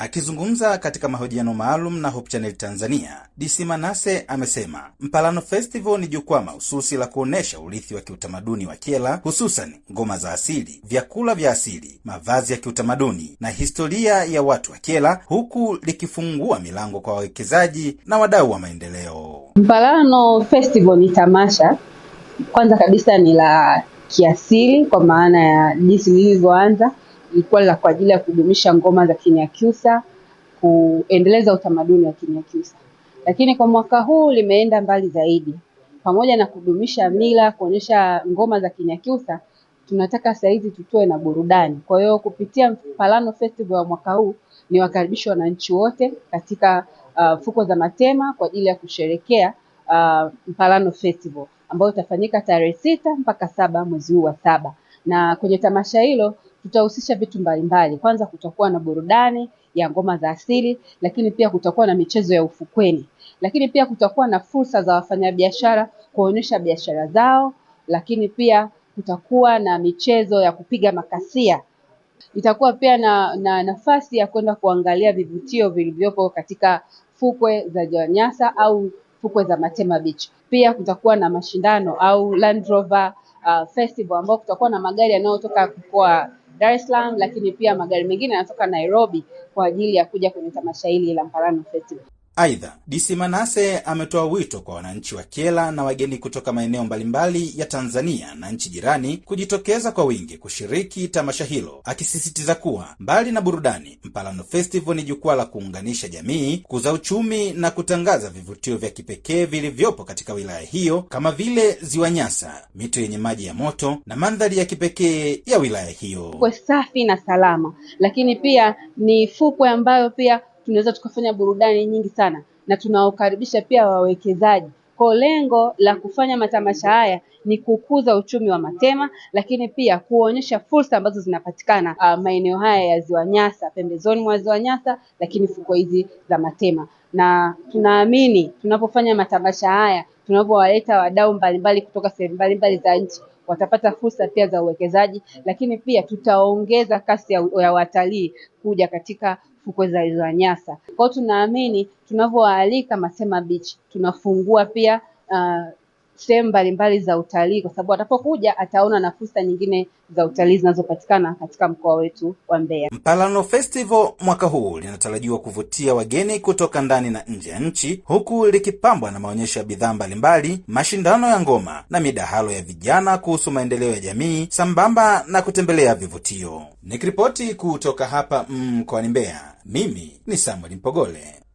Akizungumza katika mahojiano maalum na Hope Channel Tanzania, DC Manase amesema Mpalano Festival ni jukwaa mahususi la kuonesha urithi wa kiutamaduni wa Kyela, hususan ngoma za asili, vyakula vya asili, mavazi ya kiutamaduni na historia ya watu wa Kyela, huku likifungua milango kwa wawekezaji na wadau wa maendeleo. Mpalano Festival ni tamasha kwanza kabisa, ni la kiasili kwa maana ya jinsi lilivyoanza ilikuwa kwa ajili ya kudumisha ngoma za Kinyakyusa, kuendeleza utamaduni wa Kinyakyusa. Lakini kwa mwaka huu limeenda mbali zaidi, pamoja na kudumisha mila, kuonyesha ngoma za Kinyakyusa, tunataka saizi tutoe na burudani. Kwa hiyo kupitia Mpalano Festival wa mwaka huu ni wakaribisha wananchi wote katika uh, fuko za Matema kwa ajili ya kusherekea uh, Mpalano Festival ambayo itafanyika tarehe sita mpaka saba mwezi huu wa saba, na kwenye tamasha hilo tutahusisha vitu mbalimbali. Kwanza kutakuwa na burudani ya ngoma za asili, lakini pia kutakuwa na michezo ya ufukweni, lakini pia kutakuwa na fursa za wafanyabiashara kuonyesha biashara zao, lakini pia kutakuwa na michezo ya kupiga makasia. Itakuwa pia na, na nafasi ya kwenda kuangalia vivutio vilivyopo katika fukwe za Nyasa au fukwe za Matema Beach. Pia kutakuwa na mashindano au Land Rover, uh, Festival ambao kutakuwa na magari yanayotoka kwa Dar es Salaam, lakini pia magari mengine yanatoka Nairobi kwa ajili ya kuja kwenye tamasha hili la Mparanal Festival. Aidha, DC Manase ametoa wito kwa wananchi wa Kyela na wageni kutoka maeneo mbalimbali ya Tanzania na nchi jirani kujitokeza kwa wingi kushiriki tamasha hilo, akisisitiza kuwa mbali na burudani, Mpalano Festival ni jukwaa la kuunganisha jamii, kuza uchumi na kutangaza vivutio vya kipekee vilivyopo katika wilaya hiyo kama vile Ziwa Nyasa, mito yenye maji ya moto na mandhari ya kipekee ya wilaya hiyo, kwa safi na salama, lakini pia ni fukwe ambayo pia tunaweza tukafanya burudani nyingi sana na tunawakaribisha pia wawekezaji. Kwa lengo la kufanya matamasha haya ni kukuza uchumi wa Matema, lakini pia kuonyesha fursa ambazo zinapatikana ah, maeneo haya ya Ziwa Nyasa, pembezoni mwa Ziwa Nyasa, lakini fukwe hizi za Matema na tunaamini tunapofanya matamasha haya, tunapowaleta wadau mbalimbali kutoka sehemu mbalimbali za nchi watapata fursa pia za uwekezaji, lakini pia tutaongeza kasi ya, ya watalii kuja katika fukwe za Ziwa Nyasa. Kwa hiyo tunaamini tunavyowaalika Masema Beach tunafungua pia uh, sehemu mbalimbali za utalii, kwa sababu atakapokuja ataona na fursa nyingine za utalii zinazopatikana katika mkoa wetu wa Mbeya. Mpalano Festival mwaka huu linatarajiwa kuvutia wageni kutoka ndani na nje ya nchi, huku likipambwa na maonyesho ya bidhaa mbalimbali, mashindano ya ngoma na midahalo ya vijana kuhusu maendeleo ya jamii, sambamba na kutembelea vivutio. Nikiripoti kutoka hapa mm, mkoani mm, Mbeya, mimi ni Samuel Mpogole.